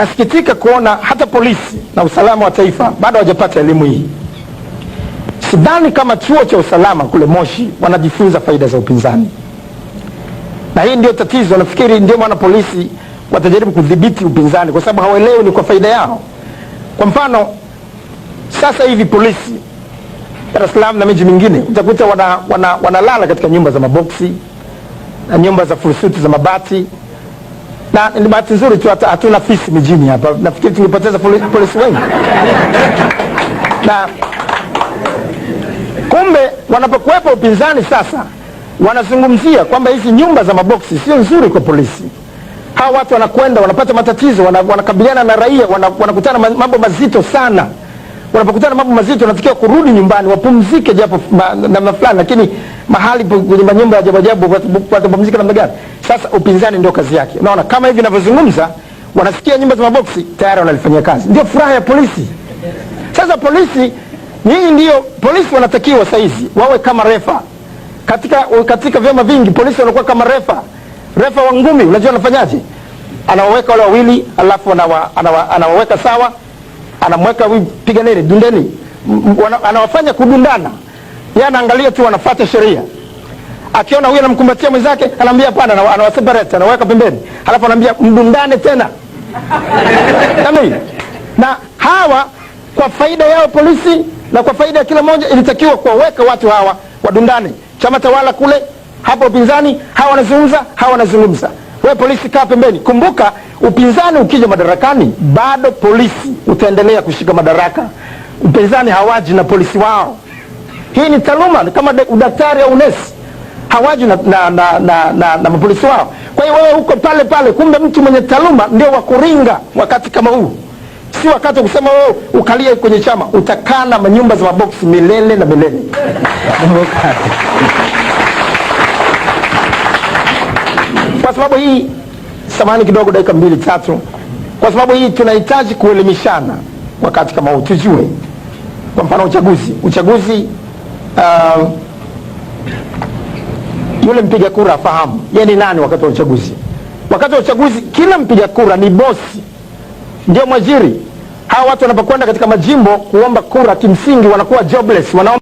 Nasikitika kuona hata polisi na usalama wa taifa bado hawajapata elimu hii. Sidhani kama chuo cha usalama kule Moshi wanajifunza faida za upinzani, na hii ndio tatizo. Nafikiri ndio maana polisi watajaribu kudhibiti upinzani, kwa sababu hawaelewi ni kwa faida yao. Kwa mfano, sasa hivi polisi Dar es Salaam na miji mingine utakuta wanalala wana, wana katika nyumba za maboksi na nyumba za fursuti za mabati na ni bahati nzuri tu hatuna fisi mijini hapa, nafikiri tungepoteza polisi, polisi wengi na kumbe, wanapokuwepo upinzani sasa wanazungumzia kwamba hizi nyumba za maboksi sio nzuri kwa polisi. Hawa watu wanakwenda wanapata matatizo, wanakabiliana na raia, wanakutana mambo mazito sana wanapokutana mambo mazito, wanatakiwa kurudi nyumbani wapumzike japo namna fulani, lakini mahali kwenye manyumba ya ajabu ajabu watapumzika namna gani? Sasa upinzani ndio kazi yake. Unaona, kama hivi ninavyozungumza, wanasikia nyumba za maboksi tayari wanalifanyia kazi, ndio furaha ya polisi. Sasa polisi nyinyi ndio polisi, wanatakiwa saizi wawe kama refa katika, katika vyama vingi polisi wanakuwa kama refa. Refa wa ngumi, unajua anafanyaje? Anawaweka wale wawili alafu anawa, anawa, anawaweka sawa anamweka huyu piga nini dundeni, anawafanya kudundana, yeye anaangalia tu, anafuata sheria. Akiona huyu anamkumbatia mwenzake, anaambia hapana, anawa anaweka pembeni, halafu anaambia mdundane tena na hawa kwa faida yao polisi na kwa faida ya kila mmoja ilitakiwa kuwaweka watu hawa wadundane. Chama tawala kule, hapa upinzani, hawa wanazungumza, hawa wanazungumza. Kwa polisi kaa pembeni. Kumbuka, upinzani ukija madarakani, bado polisi utaendelea kushika madaraka. Upinzani hawaji na polisi wao. Hii ni taaluma kama udaktari au nesi, hawaji na, na, na, na, na, na mapolisi wao. Kwa hiyo wewe huko pale pale, kumbe mtu mwenye taaluma ndio kuringa wakati kama huu, si wakati wa kusema wewe oh, ukalie kwenye chama. Utakaa na manyumba za maboksi milele na milele Kwa sababu hii, samani kidogo, dakika mbili tatu, kwa sababu hii tunahitaji kuelimishana wakati kama huu, tujue kwa mfano uchaguzi, uchaguzi uh, yule mpiga kura afahamu yeye ni nani wakati wa uchaguzi. Wakati wa uchaguzi kila mpiga kura ni bosi, ndio mwajiri. Hawa watu wanapokwenda katika majimbo kuomba kura, kimsingi wanakuwa jobless, wanaomba